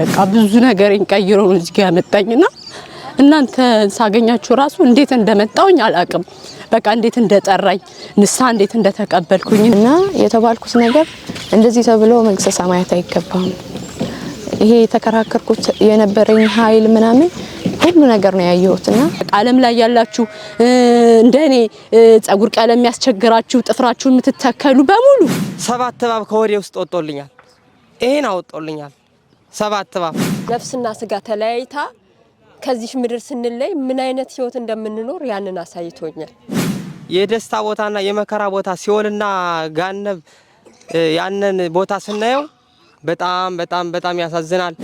በቃ ብዙ ነገር ቀይሮ ነው እዚህ ያመጣኝና እናንተ ሳገኛችሁ ራሱ እንዴት እንደመጣውኝ አላቅም። በቃ እንዴት እንደጠራኝ ንሳ እንዴት እንደተቀበልኩኝ እና የተባልኩት ነገር እንደዚህ ተብሎ መንግስተ ሰማያት አይገባም። ይሄ የተከራከርኩት የነበረኝ ኃይል ምናምን ሁሉ ነገር ነው ያየሁት። እና ዓለም ላይ ያላችሁ እንደኔ ጸጉር ቀለም ያስቸግራችሁ ጥፍራችሁን የምትተከሉ በሙሉ ሰባት እባብ ከወዴ ውስጥ ወጦልኛል። ይሄን አወጦልኛል። ሰባት እባብ ነፍስና ስጋ ተለያይታ ከዚህ ምድር ስንለይ ምን አይነት ህይወት እንደምንኖር ያንን አሳይቶኛል። የደስታ ቦታና የመከራ ቦታ ሲኦልና ጋነብ ያንን ቦታ ስናየው በጣም በጣም በጣም ያሳዝናል።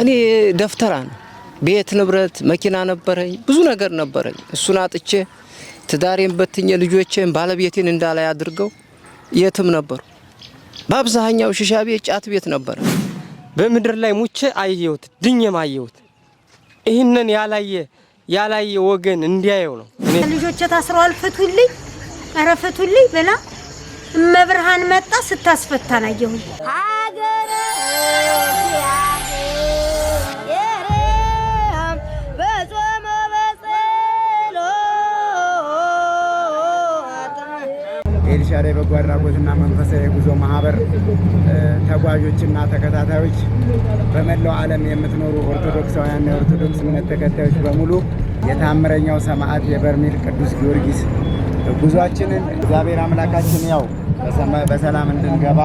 እኔ ደፍተራ ነው፣ ቤት ንብረት፣ መኪና ነበረኝ፣ ብዙ ነገር ነበረኝ። እሱን አጥቼ ትዳሬን በትኜ ልጆቼን ባለቤቴን እንዳላይ አድርገው የትም ነበሩ። በአብዛኛው ሽሻ ቤት፣ ጫት ቤት ነበረ። በምድር ላይ ሙቼ አየሁት፣ ድኜም አየሁት። ይህንን ያላየ ያላየ ወገን እንዲያየው ነው። ልጆች ታስረዋል፣ ፍቱልኝ፣ ኧረ ፍቱልኝ ብላ እመብርሃን መጣ ስታስፈታን አየሁኝ። የኤልሻዳይ በጎ አድራጎትና መንፈሳዊ የጉዞ ማህበር ተጓዦችና ተከታታዮች በመላው ዓለም የምትኖሩ ኦርቶዶክሳውያንና የኦርቶዶክስ እምነት ተከታዮች በሙሉ የታምረኛው ሰማዕት የበርሜል ቅዱስ ጊዮርጊስ ጉዟችንን እግዚአብሔር አምላካችን ያው በሰላም እንድንገባ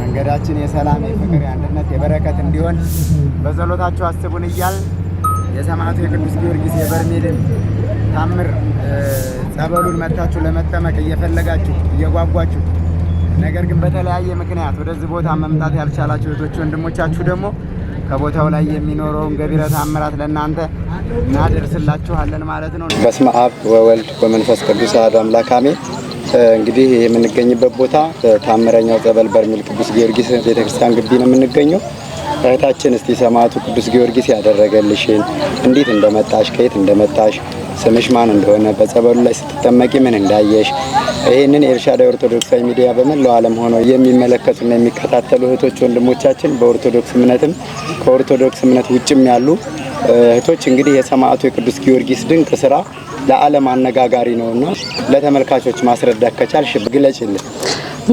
መንገዳችን የሰላም የፍቅር፣ የአንድነት፣ የበረከት እንዲሆን በጸሎታችሁ አስቡን እያል የሰማዕቱ የቅዱስ ጊዮርጊስ የበርሜልን ታምር ጸበሉን መታችሁ ለመጠመቅ እየፈለጋችሁ እየጓጓችሁ ነገር ግን በተለያየ ምክንያት ወደዚህ ቦታ መምጣት ያልቻላችሁ እህቶች ወንድሞቻችሁ ደግሞ ከቦታው ላይ የሚኖረውን ገቢረ ተአምራት ለእናንተ እናደርስላችኋለን ማለት ነው። በስመ አብ ወወልድ ወመንፈስ ቅዱስ አሐዱ አምላክ አሜን። እንግዲህ የምንገኝበት ቦታ ታምረኛው ጸበል በርሜል ቅዱስ ጊዮርጊስ ቤተክርስቲያን ግቢ ነው የምንገኘው። እህታችን እስቲ ሰማዕቱ ቅዱስ ጊዮርጊስ ያደረገልሽን እንዴት እንደመጣሽ ከየት እንደመጣሽ ስምሽ ማን እንደሆነ በጸበሉ ላይ ስትጠመቂ ምን እንዳየሽ ይህንን የኤልሻዳይ ኦርቶዶክሳዊ ሚዲያ በመላው ዓለም ሆኖ የሚመለከቱና የሚከታተሉ እህቶች ወንድሞቻችን በኦርቶዶክስ እምነትም ከኦርቶዶክስ እምነት ውጭም ያሉ እህቶች እንግዲህ የሰማዕቱ የቅዱስ ጊዮርጊስ ድንቅ ስራ ለዓለም አነጋጋሪ ነውና ለተመልካቾች ማስረዳት ከቻልሽ ግለጭልን።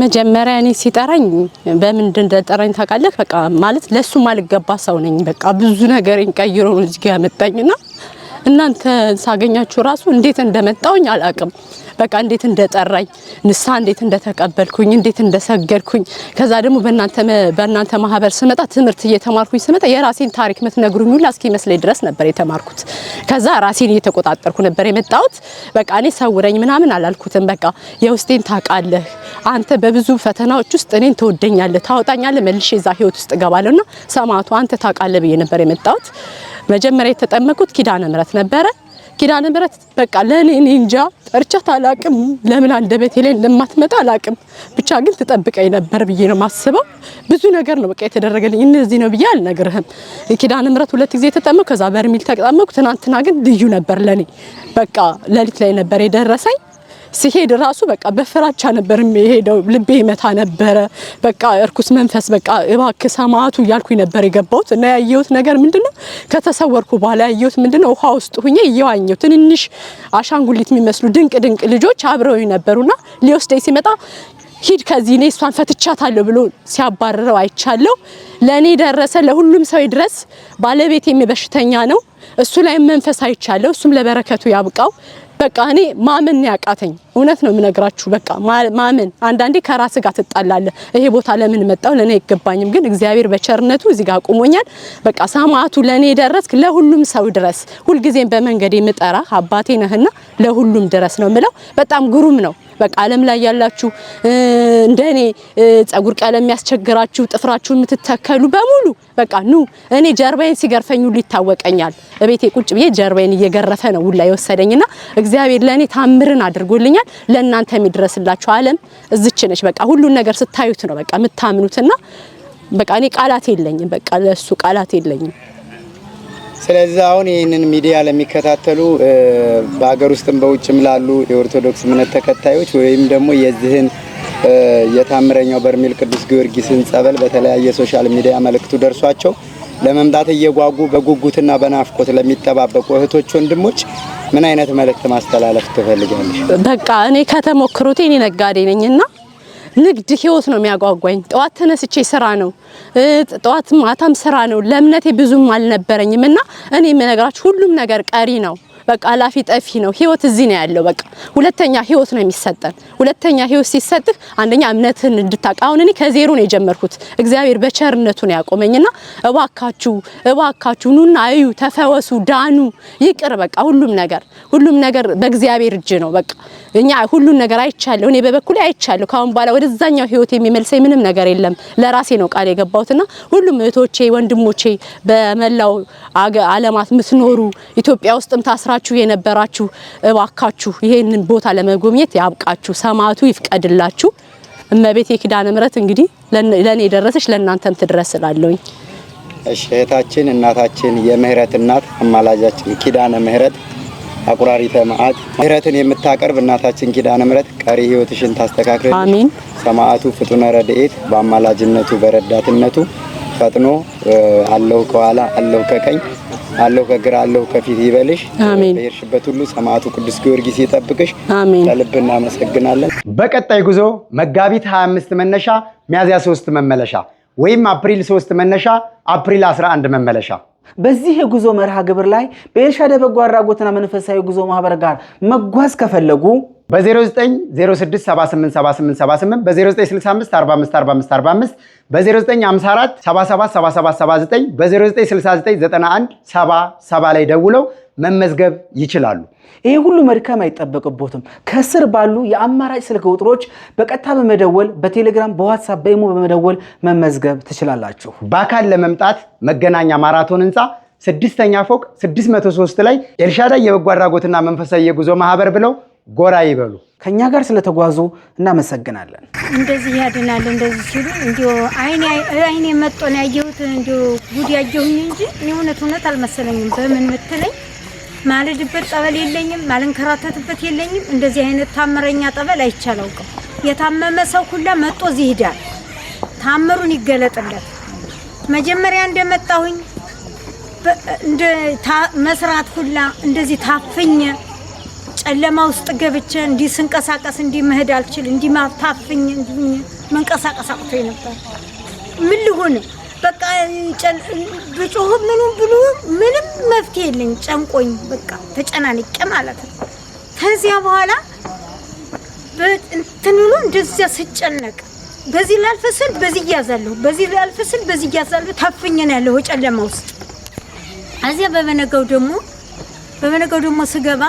መጀመሪያ እኔ ሲጠራኝ በምንድን እንደጠራኝ ታውቃለህ? በቃ ማለት ለሱ ማልገባ ሰው ነኝ። በቃ ብዙ ነገር ቀይሮ ነው እዚህ ጋር ያመጣኝና እናንተ ሳገኛችሁ ራሱ እንዴት እንደመጣውኝ አላውቅም። በቃ እንዴት እንደጠራኝ ንሳ እንዴት እንደተቀበልኩኝ እንዴት እንደሰገድኩኝ ከዛ ደግሞ በእናንተ በእናንተ ማህበር ስመጣ ትምህርት እየተማርኩኝ ስመጣ የራሴን ታሪክ ምትነግሩኝ ሁላ እስኪመስለኝ ድረስ ነበር የተማርኩት። ከዛ ራሴን እየተቆጣጠርኩ ነበር የመጣሁት። በቃ እኔ ሰውረኝ ምናምን አላልኩትም። በቃ የውስጤን ታውቃለህ አንተ በብዙ ፈተናዎች ውስጥ እኔን ትወደኛለህ፣ ታወጣኛለህ፣ መልሼ እዛ ህይወት ውስጥ እገባለሁ እና ሰማዕቱ አንተ ታውቃለህ ብዬ ነበር የመጣሁት። መጀመሪያ የተጠመቁት ኪዳነ ምሕረት ነበረ። ኪዳነ ምሕረት በቃ ለኔ እኔ እንጃ ጠርቻት አላቅም። ለምን አንደበቴ ላይ እንደማትመጣ አላቅም። ብቻ ግን ትጠብቀኝ ነበር ብዬ ነው ማስበው። ብዙ ነገር ነው በቃ የተደረገልኝ። እነዚህ ነው ብዬ አልነግርህም። ኪዳነ ምረት ሁለት ጊዜ ተጠመኩ፣ ከዛ በርሚል ተጠመኩ። ትናንትና ግን ልዩ ነበር ለኔ። በቃ ሌሊት ላይ ነበር የደረሰኝ ሲሄድ ራሱ በቃ በፍራቻ ነበር የሄደው። ልቤ ይመታ ነበረ። በቃ እርኩስ መንፈስ በቃ እባክ ሰማዕቱ እያልኩኝ ነበር የገባሁት እና ያየሁት ነገር ምንድነው? ከተሰወርኩ በኋላ ያየሁት ምንድነው? ውሃ ውስጥ ሁኜ እየዋኘው ትንንሽ አሻንጉሊት የሚመስሉ ድንቅ ድንቅ ልጆች አብረውኝ ነበሩና ሊወስደኝ ሲመጣ ሂድ ከዚህ እኔ እሷን ፈትቻታለሁ ብሎ ሲያባረረው አይቻለሁ። ለእኔ ደረሰ፣ ለሁሉም ሰው ድረስ። ባለቤቴም በሽተኛ ነው፣ እሱ ላይ መንፈስ አይቻለሁ። እሱም ለበረከቱ ያብቃው። በቃ እኔ ማመን ያቃተኝ እውነት ነው የምነግራችሁ። በቃ ማመን አንዳንዴ ከራስ ጋር ትጣላለ። ይሄ ቦታ ለምን መጣው ለኔ አይገባኝም፣ ግን እግዚአብሔር በቸርነቱ እዚህ ጋር አቁሞኛል። በቃ ሰማዕቱ ለኔ ደረስክ፣ ለሁሉም ሰው ድረስ። ሁልጊዜም በመንገድ የምጠራ አባቴ ነህና ለሁሉም ድረስ ነው ምለው። በጣም ግሩም ነው። በቃ ዓለም ላይ ያላችሁ እንደኔ ጸጉር ቀለም ያስቸግራችሁ ጥፍራችሁ የምትተከሉ በሙሉ በቃ ኑ። እኔ ጀርባዬን ሲገርፈኝ ሁሉ ይታወቀኛል። እቤቴ ቁጭ ብዬ ጀርባዬን እየገረፈ ነው ሁላ የወሰደኝና እግዚአብሔር ለኔ ታምርን አድርጎልኛል። ይመስለኛል። ለእናንተ የሚድረስላችሁ ዓለም እዝች ነች። በቃ ሁሉን ነገር ስታዩት ነው በቃ የምታምኑትና በቃ እኔ ቃላት የለኝም። በቃ ለሱ ቃላት የለኝም። ስለዚህ አሁን ይህንን ሚዲያ ለሚከታተሉ በሀገር ውስጥም በውጭም ላሉ የኦርቶዶክስ እምነት ተከታዮች ወይም ደግሞ የዚህን የታምረኛው በርሜል ቅዱስ ጊዮርጊስን ጸበል በተለያየ ሶሻል ሚዲያ መልእክቱ ደርሷቸው ለመምጣት እየጓጉ በጉጉትና በናፍቆት ለሚጠባበቁ እህቶች፣ ወንድሞች ምን አይነት መልእክት ማስተላለፍ ትፈልጋለሽ? በቃ እኔ ከተሞክሮቴ እኔ ነጋዴ ነኝና ንግድ ህይወት ነው የሚያጓጓኝ። ጠዋት ተነስቼ ስራ ነው፣ ጠዋት ማታም ስራ ነው። ለእምነቴ ብዙም አልነበረኝም እና እኔ የምነግራችሁ ሁሉም ነገር ቀሪ ነው። በቃ አላፊ ጠፊ ነው። ህይወት እዚህ ነው ያለው። በቃ ሁለተኛ ህይወት ነው የሚሰጠን። ሁለተኛ ህይወት ሲሰጥህ አንደኛ እምነትህን እንድታውቅ። አሁን እኔ ከዜሮ ነው የጀመርኩት። እግዚአብሔር በቸርነቱ ነው ያቆመኝና እባካችሁ እባካችሁ ኑና አዩ፣ ተፈወሱ፣ ዳኑ፣ ይቅር። በቃ ሁሉም ነገር ሁሉም ነገር በእግዚአብሔር እጅ ነው። በቃ እኛ ሁሉን ነገር አይቻለሁ፣ እኔ በበኩሌ አይቻለሁ። ካሁን በኋላ ወደዛኛው ህይወት የሚመልሰኝ ምንም ነገር የለም። ለራሴ ነው ቃል የገባሁትና ሁሉም እህቶቼ ወንድሞቼ በመላው አለማት ምትኖሩ ኢትዮጵያ ውስጥም ታስራ አብራችሁ የነበራችሁ እባካችሁ ይሄንን ቦታ ለመጎብኘት ያብቃችሁ፣ ሰማዕቱ ይፍቀድላችሁ። እመቤት የኪዳነ ምሕረት እንግዲህ ለእኔ የደረሰች ለእናንተም ትድረስ እላለሁኝ። እሺ እህታችን እናታችን የምህረት እናት አማላጃችን ኪዳነ ምህረት አቁራሪተ መዓት ምህረትን የምታቀርብ እናታችን ኪዳነ ምሕረት ቀሪ ህይወትሽን ታስተካክል። አሜን። ሰማዕቱ ፍጡነ ረድኤት በአማላጅነቱ በረዳትነቱ ፈጥኖ አለው ከኋላ አለው ከቀኝ አለው ከግራ አለው ከፊት ይበልሽ። አሜን። በሄድሽበት ሁሉ ሰማዕቱ ቅዱስ ጊዮርጊስ ይጠብቅሽ። አሜን። ከልብ እናመሰግናለን። በቀጣይ ጉዞ መጋቢት 25 መነሻ ሚያዝያ 3 መመለሻ ወይም አፕሪል 3 መነሻ አፕሪል 11 መመለሻ በዚህ የጉዞ መርሃ ግብር ላይ በኤልሻዳይ በጎ አድራጎትና መንፈሳዊ ጉዞ ማህበር ጋር መጓዝ ከፈለጉ በ0906787878 በ0965454545 በ0954777779 በ09699177 ላይ ደውለው መመዝገብ ይችላሉ። ይሄ ሁሉ መድከም አይጠበቅቦትም። ከስር ባሉ የአማራጭ ስልክ ቁጥሮች በቀጥታ በመደወል በቴሌግራም፣ በዋትሳፕ፣ በኢሞ በመደወል መመዝገብ ትችላላችሁ። በአካል ለመምጣት መገናኛ ማራቶን ህንፃ ስድስተኛ ፎቅ 603 ላይ ኤልሻዳይ የበጎ አድራጎትና መንፈሳዊ የጉዞ ማህበር ብለው ጎራ ይበሉ። ከእኛ ጋር ስለተጓዙ እናመሰግናለን። እንደዚህ ያድናል እንደዚህ ሲሉ እንዲ አይኔ መጦን ያየሁት እንዲ ጉድ ያየሁኝ እንጂ እኔ እውነት እውነት አልመሰለኝም። በምን ምትለኝ ማልድበት ጠበል የለኝም፣ ማልንከራተትበት የለኝም። እንደዚህ አይነት ታምረኛ ጠበል አይቻላውቅም። የታመመ ሰው ሁላ መጦ እዚህ ይሄዳል። ታምሩን ይገለጥለት። መጀመሪያ እንደመጣሁኝ መስራት ሁላ እንደዚህ ታፍኘ ጨለማ ውስጥ ገብቼ እንዲህ ስንቀሳቀስ እንዲህ መሄድ አልችል እንዲህ ታፍኝ መንቀሳቀስ አቅቶኝ ነበር። ምን ልሆንም በቃ ብጮህ ምኑም ብሉ ምንም መፍትሄ የለኝ፣ ጨንቆኝ በቃ ተጨናንቄ ማለት ነው። ከዚያ በኋላ እንትኑኑ እንደዚያ ስጨነቅ በዚህ ላልፍ ስል በዚህ እያዛለሁ፣ በዚህ ላልፍ ስል በዚህ እያዛለሁ። ታፍኜ ነው ያለሁ ጨለማ ውስጥ። እዚያ በበነጋው ደግሞ በበነጋው ደግሞ ስገባ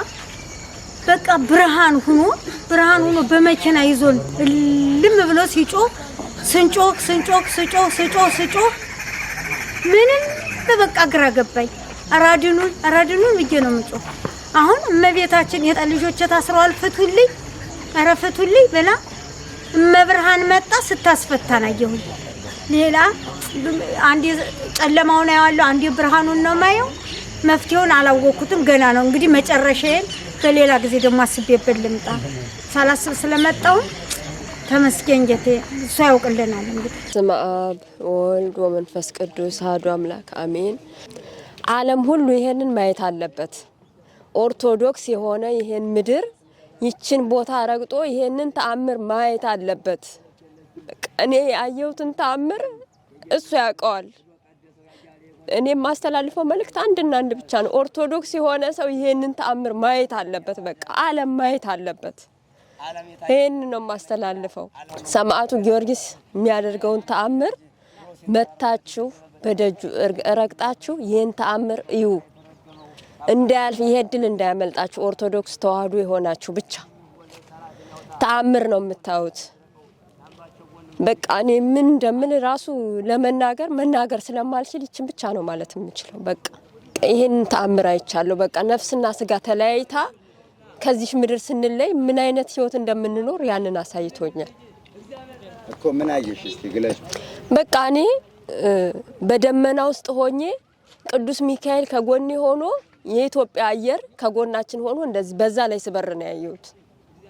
በቃ ብርሃን ሁኖ ብርሃን ሁኖ በመኪና ይዞን ልም ብሎ ሲጮህ ስንጮህ ስንጮህ ስጮ ስጮ ስጮ ምንም በበቃ ግራ ገባኝ። አራድኑን አራድኑን ብዬ ነው ምጮ። አሁን እመቤታችን ልጆች ታስረዋል ፍቱልኝ፣ ኧረ ፍቱልኝ ብላ እመብርሃን መጣ ስታስፈታን አየሁኝ። ሌላ አንዴ ጨለማውን አየዋለሁ፣ አንዴ ብርሃኑን ነው ማየው። መፍትሄውን አላወቅኩትም ገና ነው። እንግዲህ መጨረሻዬን በሌላ ጊዜ ደግሞ አስቤበት ልምጣ። ሳላስብ ስለመጣውን ተመስገን ጌቴ እሱ ያውቅልናል። እንግዲህ ስመ አብ ወልድ ወመንፈስ ቅዱስ አሐዱ አምላክ አሜን። ዓለም ሁሉ ይሄንን ማየት አለበት። ኦርቶዶክስ የሆነ ይሄን ምድር ይችን ቦታ ረግጦ ይሄንን ተአምር ማየት አለበት። እኔ ያየሁትን ተአምር እሱ ያውቀዋል። እኔ የማስተላልፈው መልእክት አንድና አንድ ብቻ ነው። ኦርቶዶክስ የሆነ ሰው ይሄንን ተአምር ማየት አለበት። በቃ ዓለም ማየት አለበት። ይህን ነው የማስተላልፈው። ሰማዕቱ ጊዮርጊስ የሚያደርገውን ተአምር መታችሁ በደጁ ረግጣችሁ ይህን ተአምር እዩ። እንዳያልፍ ይሄ እድል እንዳያመልጣችሁ። ኦርቶዶክስ ተዋህዶ የሆናችሁ ብቻ ተአምር ነው የምታዩት። በቃ እኔ ምን እንደምል ራሱ ለመናገር መናገር ስለማልችል ይችን ብቻ ነው ማለት የምችለው። በቃ ይህን ተአምር አይቻለሁ። በቃ ነፍስና ስጋ ተለያይታ ከዚህ ምድር ስንለይ ምን አይነት ህይወት እንደምንኖር ያንን አሳይቶኛል እኮ። ምን አየሽ እስቲ ግለጭ። በቃ እኔ በደመና ውስጥ ሆኜ ቅዱስ ሚካኤል ከጎኔ ሆኖ የኢትዮጵያ አየር ከጎናችን ሆኖ እንደዚህ በዛ ላይ ስበር ነው ያየሁት።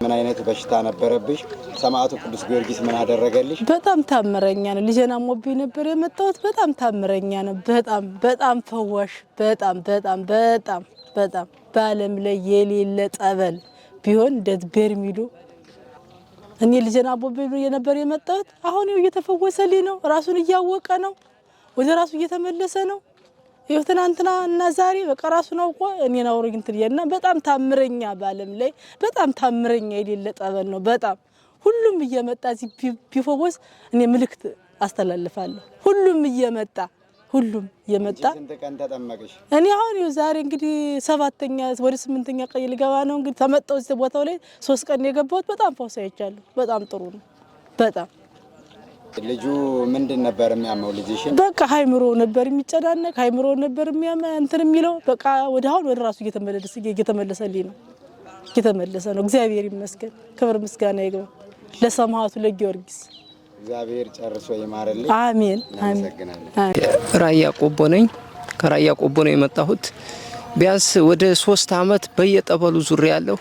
ምን አይነት በሽታ ነበረብሽ? ሰማዕቱ ቅዱስ ጊዮርጊስ ምን አደረገልሽ? በጣም ታምረኛ ነው። ልጄን አሞብኝ ነበር የመጣሁት። በጣም ታምረኛ ነው። በጣም በጣም ፈዋሽ፣ በጣም በጣም በጣም በጣም በዓለም ላይ የሌለ ጠበል ቢሆን ደት በርሚሉ እኔ ልጄን አሞብኝ የነበር የመጣሁት አሁን እየተፈወሰልኝ ነው። ራሱን እያወቀ ነው። ወደ ራሱ እየተመለሰ ነው። ይኸው ትናንትና እና ዛሬ በቃ ነው እኮ እኔን አውሮኝ እንትን እያልና በጣም ታምረኛ፣ በዓለም ላይ በጣም ታምረኛ የሌለ ጠበል ነው። በጣም ሁሉም እየመጣ እዚህ ቢፈወስ እኔ ምልክት አስተላልፋለሁ። ሁሉም እየመጣ ሁሉም እየመጣ እኔ አሁን ይኸው ዛሬ እንግዲህ ሰባተኛ ወደ ስምንተኛ ቀይ ልገባ ነው እንግዲህ ተመጣው እዚህ ቦታው ላይ ሶስት ቀን የገባሁት በጣም ፈውስ አይቻለሁ። በጣም ጥሩ ነው። በጣም ልጁ ምንድን ነበር የሚያመው? ልጅሽን በቃ ሀይምሮ ነበር የሚጨናነቅ ሀይምሮ ነበር የሚያመ እንትን የሚለው በቃ ወደ አሁን ወደ ራሱ እየተመለሰልኝ ነው እየተመለሰ ነው። እግዚአብሔር ይመስገን። ክብር ምስጋና ይግባ ለሰማዕቱ ለጊዮርጊስ። እግዚአብሔር ጨርሶ ይማረልኝ። አሜን። ራያ ቆቦ ነኝ። ከራያ ቆቦ ነው የመጣሁት። ቢያንስ ወደ ሶስት አመት በየጠበሉ ዙሪያ ያለሁ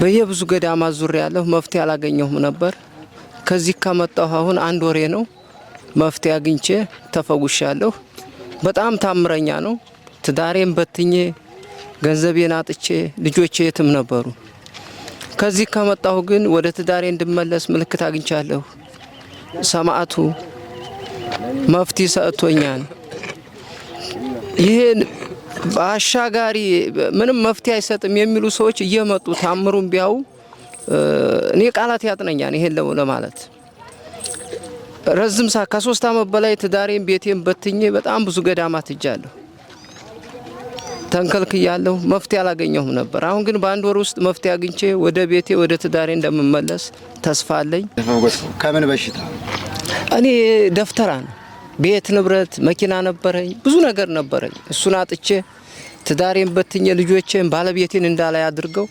በየብዙ ገዳማ ዙሪያ ያለሁ መፍትሄ አላገኘሁም ነበር ከዚህ ከመጣሁ አሁን አንድ ወሬ ነው። መፍትሄ አግኝቼ ተፈጉሻለሁ። በጣም ታምረኛ ነው። ትዳሬን በትኜ ገንዘቤን አጥቼ ልጆቼ የትም ነበሩ። ከዚህ ከመጣሁ ግን ወደ ትዳሬ እንድመለስ ምልክት አግኝቻለሁ። ሰማዕቱ መፍትሄ ሰጥቶኛል። ይህን በአሻጋሪ ምንም መፍትሄ አይሰጥም የሚሉ ሰዎች እየመጡ ታምሩን ቢያው? እኔ ቃላት ያጥነኛል ይሄን ለማለት ረዝም ሳ ከሶስት አመት በላይ ትዳሬን ቤቴን በትኜ በጣም ብዙ ገዳማት ተንከልክ ተንከልክያለሁ። መፍትሄ አላገኘሁም ነበር። አሁን ግን በአንድ ወር ውስጥ መፍትሄ አግኝቼ ወደ ቤቴ ወደ ትዳሬ እንደምመለስ ተስፋ አለኝ። ከምን በሽታ እኔ ደፍተራ ነው። ቤት ንብረት፣ መኪና ነበረኝ፣ ብዙ ነገር ነበረኝ። እሱን አጥቼ ትዳሬን በትኜ ልጆቼን ባለቤቴን እንዳላይ አድርገው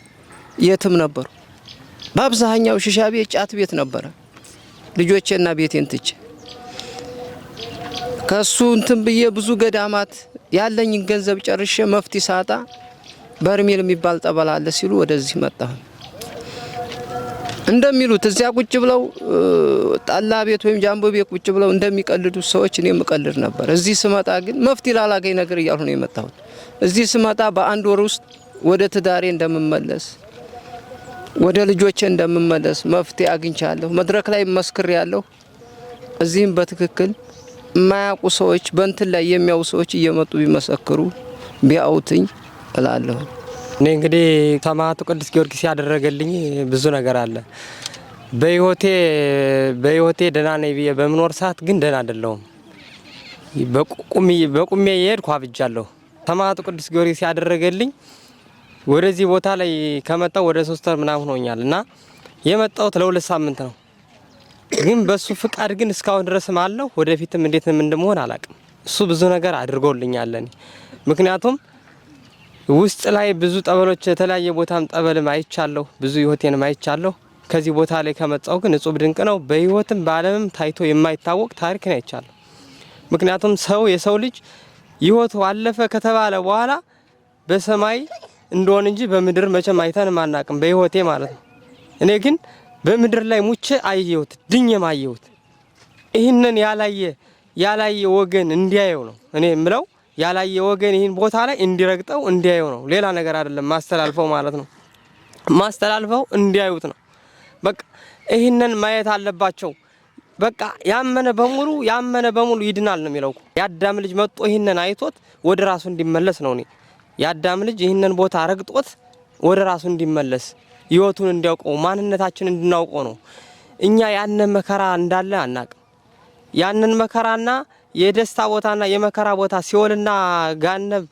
የትም ነበሩ በአብዛኛው ሽሻ ቤት፣ ጫት ቤት ነበረ ልጆቼና ቤቴን ትቼ ከሱ እንትን ብዬ ብዙ ገዳማት ያለኝን ገንዘብ ጨርሼ መፍቲ ሳጣ በርሜል የሚባል ጠበል አለ ሲሉ ወደዚህ መጣሁ። እንደሚሉት እዚያ ቁጭ ብለው ጠላ ቤት ወይም ጃምቦ ቤት ቁጭ ብለው እንደሚቀልዱ ሰዎች እኔ የምቀልድ ነበር። እዚህ ስመጣ ግን መፍትሄ ላላገኝ ነገር እያልሁ ነው የመጣሁት። እዚህ ስመጣ በአንድ ወር ውስጥ ወደ ትዳሬ እንደምመለስ ወደ ልጆቼ እንደምመለስ መፍትሄ አግኝቻለሁ። መድረክ ላይ መስክር ያለሁ እዚህም በትክክል የማያውቁ ሰዎች በእንትን ላይ የሚያው ሰዎች እየመጡ ቢመሰክሩ ቢያውትኝ እላለሁ። እኔ እንግዲህ ሰማዕቱ ቅዱስ ጊዮርጊስ ያደረገልኝ ብዙ ነገር አለ። በህይወቴ በህይወቴ ደህና ነኝ ብዬ በምኖር ሰዓት ግን ደህና አይደለሁም። በቁሜ የሄድኩ አብጃለሁ። ሰማዕቱ ቅዱስ ጊዮርጊስ ያደረገልኝ ወደዚህ ቦታ ላይ ከመጣው ወደ ሶስት ወር ምናምን ሆኖኛል እና የመጣሁት ለሁለት ሳምንት ነው። ግን በሱ ፍቃድ ግን እስካሁን ድረስም አለው። ወደፊትም እንዴት ምን እንደምሆን አላቅም። እሱ ብዙ ነገር አድርጎልኛል። ምክንያቱም ውስጥ ላይ ብዙ ጠበሎች የተለያየ ቦታም ጠበልም አይቻለሁ፣ ብዙ ህይወቴንም አይቻለሁ። ከዚህ ቦታ ላይ ከመጣው ግን እጹብ ድንቅ ነው። በህይወትም በዓለምም ታይቶ የማይታወቅ ታሪክን አይቻለሁ። ምክንያቱም ሰው የሰው ልጅ ህይወቱ አለፈ ከተባለ በኋላ በሰማይ እንደሆን እንጂ በምድር መቼም አይተን አናቅም፣ በህይወቴ ማለት ነው። እኔ ግን በምድር ላይ ሙቼ አየሁት፣ ድኜም አየሁት። ይህንን ያላየ ያላየ ወገን እንዲያየው ነው እኔ የምለው። ያላየ ወገን ይህን ቦታ ላይ እንዲረግጠው እንዲያየው ነው። ሌላ ነገር አይደለም ማስተላልፈው ማለት ነው። ማስተላልፈው እንዲያዩት ነው። በቃ ይህንን ማየት አለባቸው። በቃ ያመነ በሙሉ ያመነ በሙሉ ይድናል ነው የሚለው። የአዳም ልጅ መጥቶ ይህንን አይቶት ወደ ራሱ እንዲመለስ ነው እኔ የአዳም ልጅ ይህንን ቦታ ረግጦት ወደ ራሱ እንዲመለስ ህይወቱን እንዲያውቀው ማንነታችን እንድናውቀው ነው። እኛ ያንን መከራ እንዳለ አናቅም። ያንን መከራና የደስታ ቦታና የመከራ ቦታ ሲኦልና ጋነብ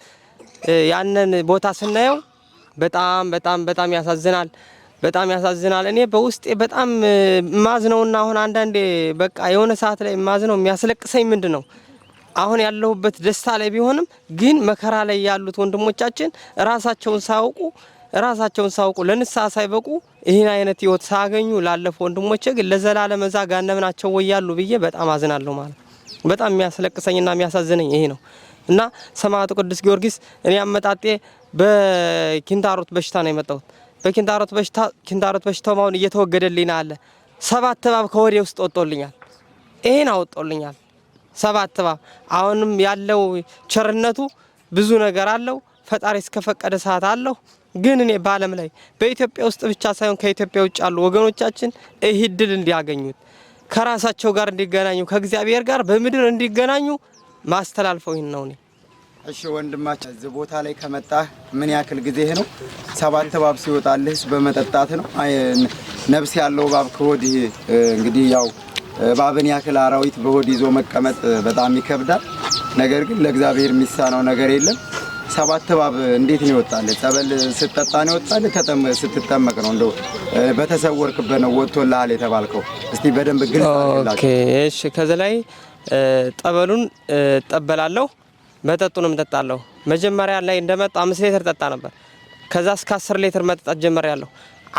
ያንን ቦታ ስናየው በጣም በጣም በጣም ያሳዝናል። በጣም ያሳዝናል። እኔ በውስጤ በጣም ማዝነውና አሁን አንዳንዴ በቃ የሆነ ሰዓት ላይ ማዝነው የሚያስለቅሰኝ ምንድን ነው አሁን ያለሁበት ደስታ ላይ ቢሆንም ግን መከራ ላይ ያሉት ወንድሞቻችን ራሳቸውን ሳያውቁ ራሳቸውን ሳውቁ ለንስሐ ሳይበቁ ይህን አይነት ህይወት ሳያገኙ ላለፉ ወንድሞቼ ግን ለዘላለም እዛ ጋነም ናቸው ወያሉ ብዬ በጣም አዝናለሁ። ማለት በጣም የሚያስለቅሰኝና የሚያሳዝነኝ ይሄ ነው እና ሰማዕቱ ቅዱስ ጊዮርጊስ እኔ አመጣጤ በኪንታሮት በሽታ ነው የመጣሁት። በኪንታሮት በሽታ ኪንታሮት በሽታው አሁን እየተወገደልኝ አለ። ሰባት እባብ ከወዴ ውስጥ ወጦልኛል። ይሄን አወጦልኛል። ሰባት ባ አሁንም ያለው ቸርነቱ ብዙ ነገር አለው። ፈጣሪ እስከፈቀደ ሰዓት አለው። ግን እኔ በዓለም ላይ በኢትዮጵያ ውስጥ ብቻ ሳይሆን ከኢትዮጵያ ውጭ ያሉ ወገኖቻችን ይህ እድል እንዲያገኙት ከራሳቸው ጋር እንዲገናኙ ከእግዚአብሔር ጋር በምድር እንዲገናኙ ማስተላልፈው ይህን ነው እኔ። እሺ ወንድማችን እዚህ ቦታ ላይ ከመጣ ምን ያክል ጊዜ ነው? ሰባት እባብ ሲወጣልህ በመጠጣት ነው ነብስ ያለው እባብ ከወዲህ እንግዲህ ያው እባብን ያክል አራዊት በሆድ ይዞ መቀመጥ በጣም ይከብዳል። ነገር ግን ለእግዚአብሔር የሚሳነው ነገር የለም። ሰባት እባብ እንዴት ነው ይወጣል? ጸበል ስትጠጣ ነው ይወጣል? ስትጠመቅ ነው? እንደው በተሰወርክበት ነው ወጥቶልሃል የተባልከው? እስቲ በደንብ ግልጽ ኦኬ። እሺ፣ ከዚህ ላይ ጠበሉን እጠበላለሁ፣ መጠጡንም እጠጣለሁ። መጀመሪያ ላይ እንደመጣ አምስት ሌትር ጠጣ ነበር። ከዛ እስከ አስር ሌትር መጠጣት ጀመር ያለሁ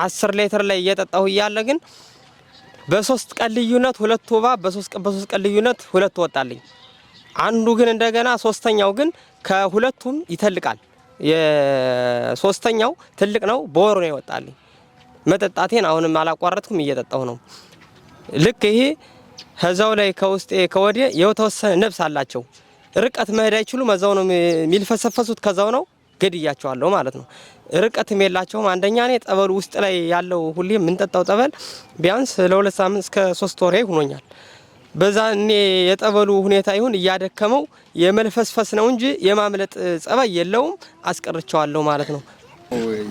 አስር ሌትር ላይ እየጠጣሁ እያለ ግን በሶስት ቀን ልዩነት ሁለት ወባ በሶስት ቀን በሶስት ቀን ልዩነት ሁለት ወጣልኝ። አንዱ ግን እንደገና ሶስተኛው ግን ከሁለቱም ይተልቃል። የሶስተኛው ትልቅ ነው። በወር ነው ይወጣልኝ። መጠጣቴን አሁንም አላቋረጥኩም፣ እየጠጣሁ ነው። ልክ ይሄ ከዛው ላይ ከውስጤ ከወዴ የተወሰነ ነብስ አላቸው። ርቀት መሄድ አይችሉም። እዛው ነው የሚልፈሰፈሱት፣ ከዛው ነው ገድያቸዋለሁ ማለት ነው። ርቀትም የላቸውም። አንደኛ እኔ ጠበሉ ውስጥ ላይ ያለው ሁሌ የምንጠጣው ጠበል ቢያንስ ለሁለት ሳምንት እስከ ሶስት ወሬ ሆኖኛል። በዛ እኔ የጠበሉ ሁኔታ ይሁን እያደከመው የመልፈስፈስ ነው እንጂ የማምለጥ ጸባይ የለውም። አስቀርቸዋለሁ ማለት ነው።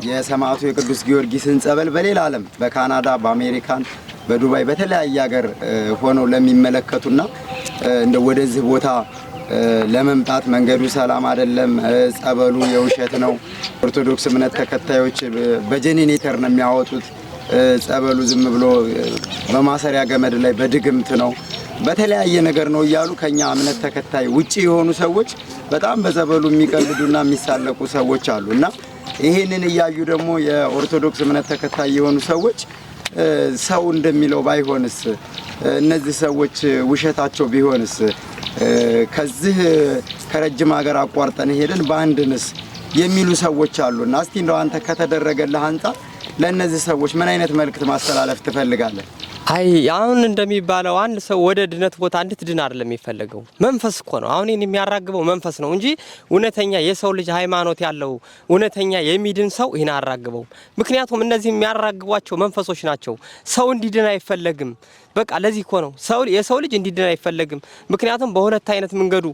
የሰማዕቱ የቅዱስ ጊዮርጊስን ጸበል በሌላ ዓለም በካናዳ፣ በአሜሪካን፣ በዱባይ በተለያየ ሀገር ሆነው ለሚመለከቱና እንደ ወደዚህ ቦታ ለመምጣት መንገዱ ሰላም አይደለም፣ ጸበሉ የውሸት ነው። ኦርቶዶክስ እምነት ተከታዮች በጄኔሬተር ነው የሚያወጡት። ጸበሉ ዝም ብሎ በማሰሪያ ገመድ ላይ በድግምት ነው በተለያየ ነገር ነው እያሉ ከኛ እምነት ተከታይ ውጪ የሆኑ ሰዎች በጣም በጸበሉ የሚቀልዱና የሚሳለቁ ሰዎች አሉ እና ይህንን እያዩ ደግሞ የኦርቶዶክስ እምነት ተከታይ የሆኑ ሰዎች ሰው እንደሚለው ባይሆንስ፣ እነዚህ ሰዎች ውሸታቸው ቢሆንስ፣ ከዚህ ከረጅም ሀገር አቋርጠን ሄደን በአንድንስ የሚሉ ሰዎች አሉና፣ እስቲ እንደው አንተ ከተደረገልህ አንጻር ለእነዚህ ሰዎች ምን አይነት መልእክት ማስተላለፍ ትፈልጋለህ? አይ አሁን እንደሚባለው አንድ ሰው ወደ ድነት ቦታ እንድትድን አይደለም የሚፈለገው፣ መንፈስ እኮ ነው። አሁን የሚያራግበው መንፈስ ነው እንጂ እውነተኛ የሰው ልጅ ሃይማኖት ያለው እውነተኛ የሚድን ሰው ይህን አራግበው ምክንያቱም እነዚህ የሚያራግቧቸው መንፈሶች ናቸው። ሰው እንዲድን አይፈለግም። በቃ ለዚህ እኮ ነው ሰው የሰው ልጅ እንዲድን አይፈለግም። ምክንያቱም በሁለት አይነት መንገዱ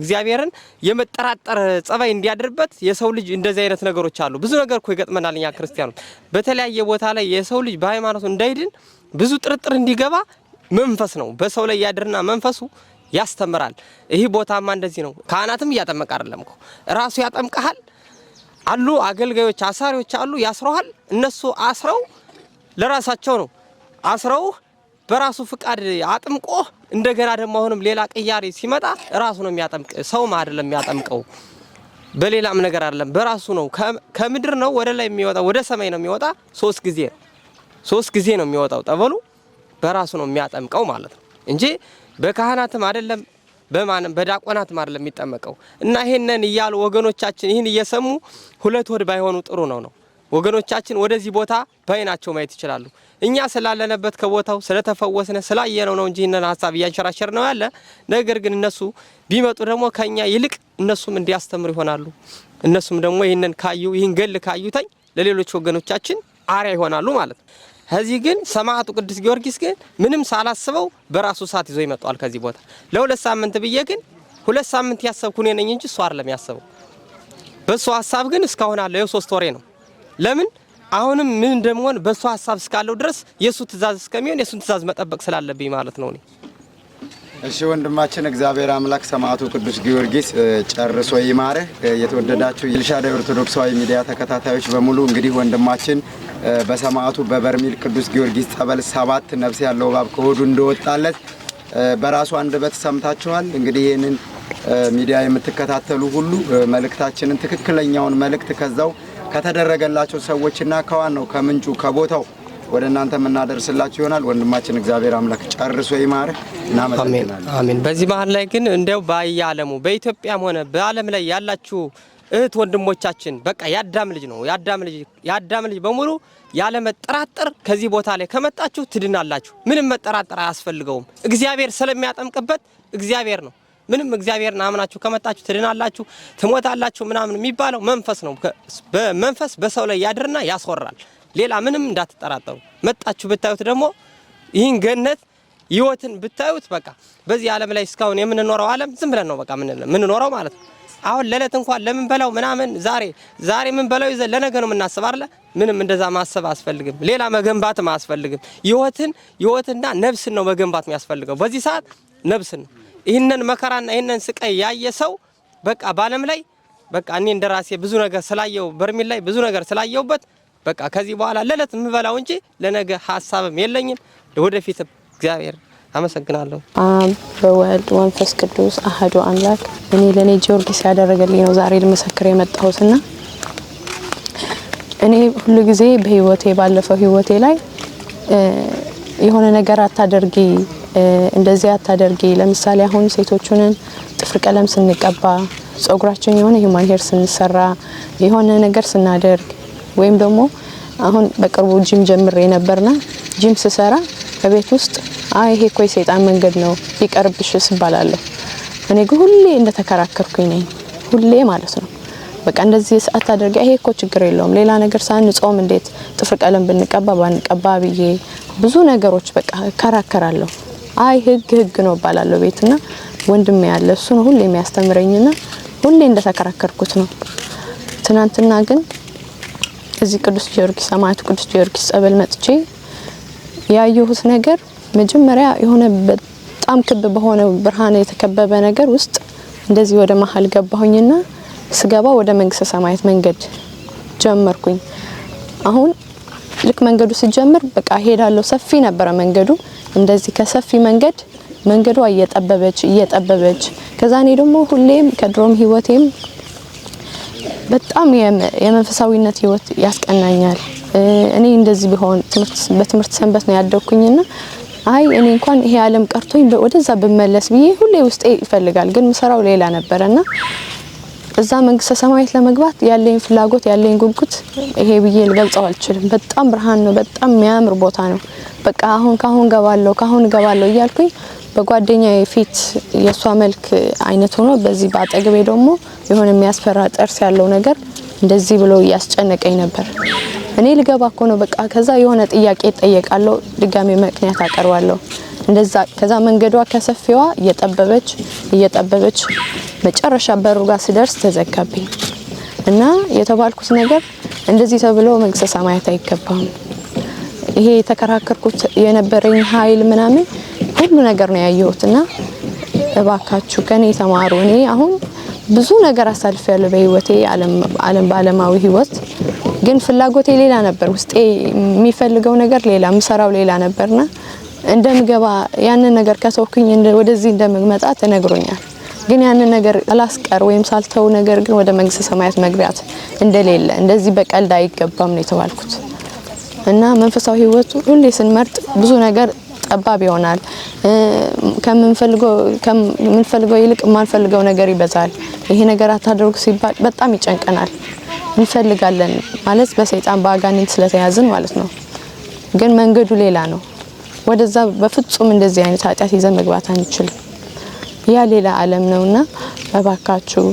እግዚአብሔርን የመጠራጠር ጸባይ እንዲያድርበት የሰው ልጅ እንደዚህ አይነት ነገሮች አሉ። ብዙ ነገር እኮ ይገጥመናል እኛ ክርስቲያኖች በተለያየ ቦታ ላይ የሰው ልጅ በሃይማኖቱ እንዳይድን ብዙ ጥርጥር እንዲገባ መንፈስ ነው በሰው ላይ ያድርና መንፈሱ ያስተምራል። ይህ ቦታማ እንደዚህ ነው። ካህናትም እያጠመቀ አይደለም እኮ ራሱ ያጠምቀሃል። አሉ አገልጋዮች አሳሪዎች አሉ፣ ያስረዋል። እነሱ አስረው ለራሳቸው ነው አስረው በራሱ ፍቃድ አጥምቆ እንደገና ደግሞ አሁንም ሌላ ቅያሬ ሲመጣ ራሱ ነው የሚያጠምቅ። ሰውም አይደለም የሚያጠምቀው በሌላም ነገር አይደለም፣ በራሱ ነው። ከምድር ነው ወደ ላይ የሚወጣ ወደ ሰማይ ነው የሚወጣ ሶስት ጊዜ ሶስት ጊዜ ነው የሚወጣው ጠበሉ በራሱ ነው የሚያጠምቀው ማለት ነው እንጂ በካህናትም አይደለም በማንም በዳቆናትም አይደለም የሚጠመቀው እና ይህንን እያሉ ወገኖቻችን ይህን እየሰሙ ሁለት ወድ ባይሆኑ ጥሩ ነው ነው ወገኖቻችን ወደዚህ ቦታ በአይናቸው ማየት ይችላሉ። እኛ ስላለንበት ከቦታው ስለተፈወስነ ስላየነው ነው እንጂ ይህንን ሀሳብ እያንሸራሸር ነው ያለ። ነገር ግን እነሱ ቢመጡ ደግሞ ከኛ ይልቅ እነሱም እንዲያስተምሩ ይሆናሉ። እነሱም ደግሞ ይህንን ካዩ ይህን ገል ካዩተኝ ለሌሎች ወገኖቻችን አሪያ ይሆናሉ ማለት ነው። እዚህ ግን ሰማዕቱ ቅዱስ ጊዮርጊስ ግን ምንም ሳላስበው በራሱ ሰዓት ይዞ ይመጣዋል። ከዚህ ቦታ ለሁለት ሳምንት ብዬ ግን ሁለት ሳምንት ያሰብኩ እኔ ነኝ እንጂ እሱ አይደለም ያሰበው። በእሱ ሀሳብ ግን እስካሁን አለ የሶስት ወሬ ነው። ለምን አሁንም ምን እንደምሆን በእሱ ሀሳብ እስካለው ድረስ የእሱ ትእዛዝ እስከሚሆን የእሱን ትእዛዝ መጠበቅ ስላለብኝ ማለት ነው እኔ እሺ ወንድማችን እግዚአብሔር አምላክ ሰማዕቱ ቅዱስ ጊዮርጊስ ጨርሶ ይማረ የተወደዳችሁ የኤልሻዳይ ኦርቶዶክሳዊ ሚዲያ ተከታታዮች በሙሉ እንግዲህ ወንድማችን በሰማዕቱ በበርሜል ቅዱስ ጊዮርጊስ ጸበል ሰባት ነፍስ ያለው እባብ ከሆዱ እንደወጣለት በራሱ አንደበት ሰምታችኋል። እንግዲህ ይህንን ሚዲያ የምትከታተሉ ሁሉ መልእክታችንን፣ ትክክለኛውን መልእክት ከዛው ከተደረገላቸው ሰዎችና ከዋናው ከምንጩ ከቦታው ወደ እናንተ የምናደርስላችሁ ይሆናል። ወንድማችን እግዚአብሔር አምላክ ጨርሶ ይማር። እናመሰግናለን። አሜን። በዚህ መሀል ላይ ግን እንደው በየአለሙ በኢትዮጵያም ሆነ በአለም ላይ ያላችሁ እህት ወንድሞቻችን በቃ የአዳም ልጅ ነው የአዳም ልጅ በሙሉ ያለ መጠራጠር ከዚህ ቦታ ላይ ከመጣችሁ ትድናላችሁ። ምንም መጠራጠር አያስፈልገውም። እግዚአብሔር ስለሚያጠምቅበት እግዚአብሔር ነው። ምንም እግዚአብሔርን አምናችሁ ከመጣችሁ ትድናላችሁ። ትሞታላችሁ ምናምን የሚባለው መንፈስ ነው። መንፈስ በሰው ላይ ያድርና ያስወራል። ሌላ ምንም እንዳትጠራጠሩ። መጣችሁ ብታዩት ደግሞ ይህን ገነት ህይወትን ብታዩት በቃ በዚህ ዓለም ላይ እስካሁን የምንኖረው ዓለም ዝም ብለን ነው በቃ የምንኖረው ማለት ነው። አሁን ለእለት እንኳን ለምን በላው ምናምን ዛሬ ዛሬ ምን በላው ይዘን ለነገ ነው የምናስብ ምንም እንደዛ ማሰብ አስፈልግም ሌላ መገንባትም አስፈልግም ህይወትን ህይወትና ነብስን ነው መገንባት የሚያስፈልገው በዚህ ሰዓት ነፍስን ነው። ይህንን መከራና ይህንን ስቃይ ያየ ሰው በቃ በዓለም ላይ በቃ እኔ እንደራሴ ብዙ ነገር ስላየው በርሜል ላይ ብዙ ነገር ስላየውበት በቃ ከዚህ በኋላ ለእለት የምበላው እንጂ ለነገ ሀሳብም የለኝም። ወደፊትም እግዚአብሔር አመሰግናለሁ። አብ በወልድ መንፈስ ቅዱስ አህዶ አምላክ። እኔ ለእኔ ጊዮርጊስ ያደረገልኝ ነው ዛሬ ልመሰክር የመጣሁትና እኔ ሁሉ ጊዜ በህይወቴ ባለፈው ህይወቴ ላይ የሆነ ነገር አታደርጊ፣ እንደዚህ አታደርጊ። ለምሳሌ አሁን ሴቶቹንን ጥፍር ቀለም ስንቀባ፣ ጸጉራችን የሆነ ሂውማን ሄር ስንሰራ፣ የሆነ ነገር ስናደርግ ወይም ደግሞ አሁን በቅርቡ ጂም ጀምሬ ነበርና ጂም ስሰራ ከቤት ውስጥ አይ ይሄ እኮ የሰይጣን መንገድ ነው ይቀርብሽ እባላለሁ። እኔ ግን ሁሌ እንደተከራከርኩኝ ነኝ፣ ሁሌ ማለት ነው። በቃ እንደዚህ ሰዓት አድርጋ ይሄ እኮ ችግር የለውም ሌላ ነገር ጾም እንዴት ጥፍር ቀለም ብንቀባ ባንቀባ ብዬ ብዙ ነገሮች በቃ እከራከራለሁ። አይ ህግ ህግ ነው እባላለሁ ቤትና ወንድም ያለ እሱ ነው ሁሌ የሚያስተምረኝና ሁሌ እንደተከራከርኩት ነው። ትናንትና ግን እዚህ ቅዱስ ጊዮርጊስ ሰማዕቱ ቅዱስ ጊዮርጊስ ጸበል መጥቼ ያየሁት ነገር መጀመሪያ የሆነ በጣም ክብ በሆነ ብርሃን የተከበበ ነገር ውስጥ እንደዚህ ወደ መሀል ገባሁኝና ስገባ ወደ መንግስተ ሰማያት መንገድ ጀመርኩኝ። አሁን ልክ መንገዱ ስጀምር በቃ ሄዳለሁ። ሰፊ ነበረ መንገዱ። እንደዚህ ከሰፊ መንገድ መንገዷ እየጠበበች እየጠበበች ከዛኔ ደግሞ ሁሌም ከድሮም ህይወቴም በጣም የመንፈሳዊነት ህይወት ያስቀናኛል። እኔ እንደዚህ ቢሆን በትምህርት ሰንበት ነው ያደግኩኝና አይ እኔ እንኳን ይሄ ዓለም ቀርቶኝ ወደዛ ብመለስ ብዬ ሁሌ ውስጤ ይፈልጋል። ግን ምሰራው ሌላ ነበረና እዛ መንግስተ ሰማያት ለመግባት ያለኝ ፍላጎት ያለኝ ጉጉት ይሄ ብዬ ልገልጸው አልችልም። በጣም ብርሃን ነው። በጣም የሚያምር ቦታ ነው። በቃ አሁን ካሁን ገባለሁ ካሁን ገባለሁ እያልኩኝ በጓደኛ የፊት የእሷ መልክ አይነት ሆኖ በዚህ በአጠገቤ ደግሞ የሆነ የሚያስፈራ ጥርስ ያለው ነገር እንደዚህ ብሎ እያስጨነቀኝ ነበር። እኔ ልገባ እኮ ነው በቃ። ከዛ የሆነ ጥያቄ ጠየቃለሁ ድጋሚ ምክንያት አቀርባለሁ። እንደዛ ከዛ መንገዷ ከሰፊዋ እየጠበበች እየጠበበች መጨረሻ በሩ ጋር ስደርስ ተዘጋብኝ እና የተባልኩት ነገር እንደዚህ ተብሎ መንግስተ ሰማያት አይገባም። ይሄ የተከራከርኩት የነበረኝ ኃይል ምናምን ሁሉ ነገር ነው ያየሁት እና እባካችሁ ከኔ ተማሩ። እኔ አሁን ብዙ ነገር ያለ በህይወቴ ዓለም በዓለማዊ ህይወት ግን ፍላጎቴ ሌላ ነበር። ውስጤ የሚፈልገው ነገር ሌላ፣ ምሰራው ሌላ ነበርና እንደምገባ ያንን ነገር ከተውኩኝ ወደዚህ እንደምመጣ ተነግሮኛል። ግን ያንን ነገር አላስቀር ወይም ሳልተው ነገር ግን ወደ መንግስተ ሰማያት መግቢያት እንደሌለ እንደዚህ በቀልድ አይገባም ነው የተባልኩት እና መንፈሳዊ ህይወቱ ሁሌ ስንመርጥ ብዙ ነገር ጠባብ ይሆናል። ከምንፈልገው ይልቅ የማንፈልገው ነገር ይበዛል። ይሄ ነገር አታደርጉ ሲባል በጣም ይጨንቀናል። እንፈልጋለን ማለት በሰይጣን በአጋንንት ስለተያዝን ማለት ነው። ግን መንገዱ ሌላ ነው። ወደዛ በፍጹም እንደዚህ አይነት ኃጢአት ይዘን መግባት አንችልም። ያ ሌላ ዓለም ነውና እባካችሁ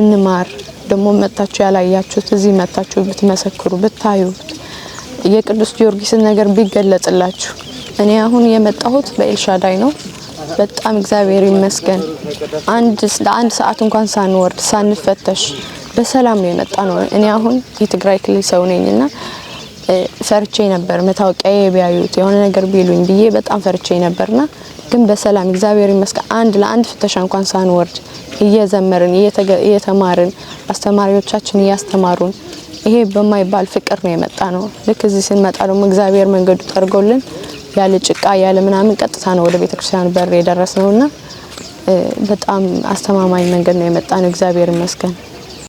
እንማር። ደግሞ መታችሁ ያላያችሁት እዚህ መታችሁ ብትመሰክሩ ብታዩ የቅዱስ ጊዮርጊስን ነገር ቢገለጽላችሁ እኔ አሁን የመጣሁት በኤልሻዳይ ነው። በጣም እግዚአብሔር ይመስገን። አንድ ለአንድ ሰዓት እንኳን ሳንወርድ ሳንፈተሽ በሰላም ነው የመጣ ነው። እኔ አሁን የትግራይ ክልል ሰው ነኝና ፈርቼ ነበር። መታወቂያ ቢያዩት የሆነ ነገር ቢሉኝ ብዬ በጣም ፈርቼ ነበርና ግን በሰላም እግዚአብሔር ይመስገን አንድ ለአንድ ፍተሻ እንኳን ሳንወርድ እየዘመርን እየተማርን አስተማሪዎቻችን እያስተማሩን ይሄ በማይባል ፍቅር ነው የመጣ ነው። ልክ እዚህ ስንመጣ ደግሞ እግዚአብሔር መንገዱ ጠርጎልን ያለ ጭቃ ያለ ምናምን ቀጥታ ነው ወደ ቤተክርስቲያን በር የደረስ እና በጣም አስተማማኝ መንገድ ነው የመጣ ነው። እግዚአብሔር ይመስገን።